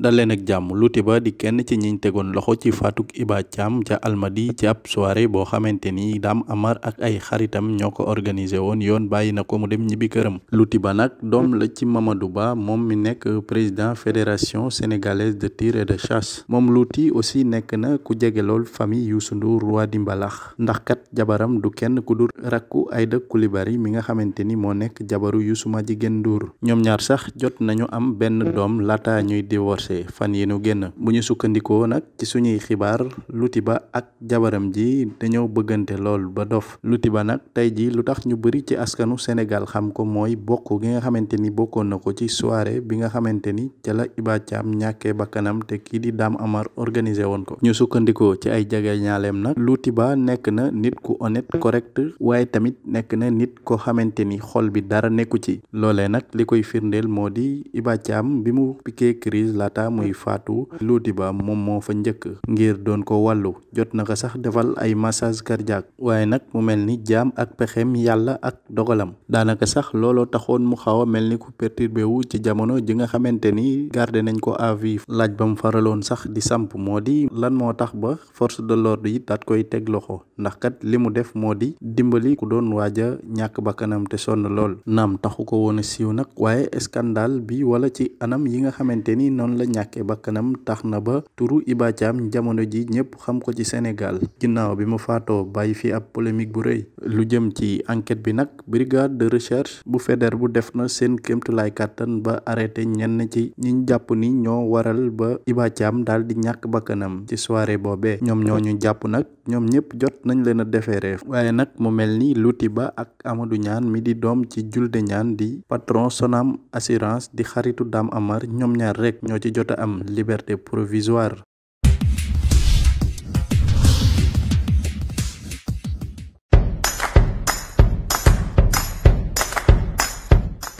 daleen ak jàmm ba di kenn ci ñiñ tegoon loxo ci faatuk Iba Thiam ca Almadi ci ab soirée boo xamante ni daam Amar ak ay xaritam ñoo ko organisé woon yoon bàyyi na ko mu dem ñibbi këram ba nag doom la ci Mamadou Ba moom mi nekk président fédération sénégalaise de tir et de chasse moom Luti aussi nekk na ku jege lool famille Youssou Ndour roi di mbalax ndax kat jabaram du kenn ku du rakku ay Aïda Coulibaly mi nga xamante ni moo nekk jabaru Youssou Madjiguène Ndour ñoom ñaar sax jot nañu am benn doom laata procès fan yi nu génn bu ñu sukkandikoo nag ci suñuy xibaar ba ak jabaram ji dañoo bëggante lool ba dof ba nag tey ji lu tax ñu bëri ci askanu Sénégal xam ko mooy bokk gi nga xamante ni bokkoon na ko ci soirée bi nga xamante ni ca la Iba Thiam ñàkkee bakkanam te kii di Dame Amar organisé woon ko ñu sukkandikoo ci ay jege ñaaleem nag ba nekk na nit ku honnête correct waaye tamit nekk na nit ko xamante ni xol bi dara nekku ci loolee nag li koy laata muy faatu Lodiba moom moo fa njëkk ngir doon ko wàllu jot na ko sax defal ay massage cardiaque waaye nag mu mel ni jaam ak pexem yàlla ak dogalam daanaka sax looloo taxoon mu xaw a mel ni ku perturbé wu ci jamono ji nga xamante ni gardé nañ ko à laaj ba mu faraloon sax di samp moo di lan moo tax ba force de l'ordre yi daat koy teg loxo ndax kat li mu def moo di dimbali ku doon waaja ñàkk bakkanam te sonn lool naam taxu ko woon siiw nag waaye scandale ñàkkee bakkanam tax na ba turu Iba jamono ji ñëpp xam ko ci Sénégal ginnaaw bi mu faatoo bàyyi fi ab polémique bu rëy lu jëm ci enquête bi nag brigade de recherche bu feder bu def na seen kéemtulaay kàttan ba arrêté ñenn ci ñiñ jàpp ni ñoo waral ba Iba Thiam daal di ñàkk bakkanam ci soirée boobee ñoom ñoo ñu jàpp nag ñoom ñëpp jot nañ leen a defeeree waaye nag mu mel ni Louty Ba ak Amadou ñaan mi di doom ci Julde Niane di patron Sonam assurance di xaritu Dame Amar ñoom ñaar rek ñoo ci jot am liberté provisoire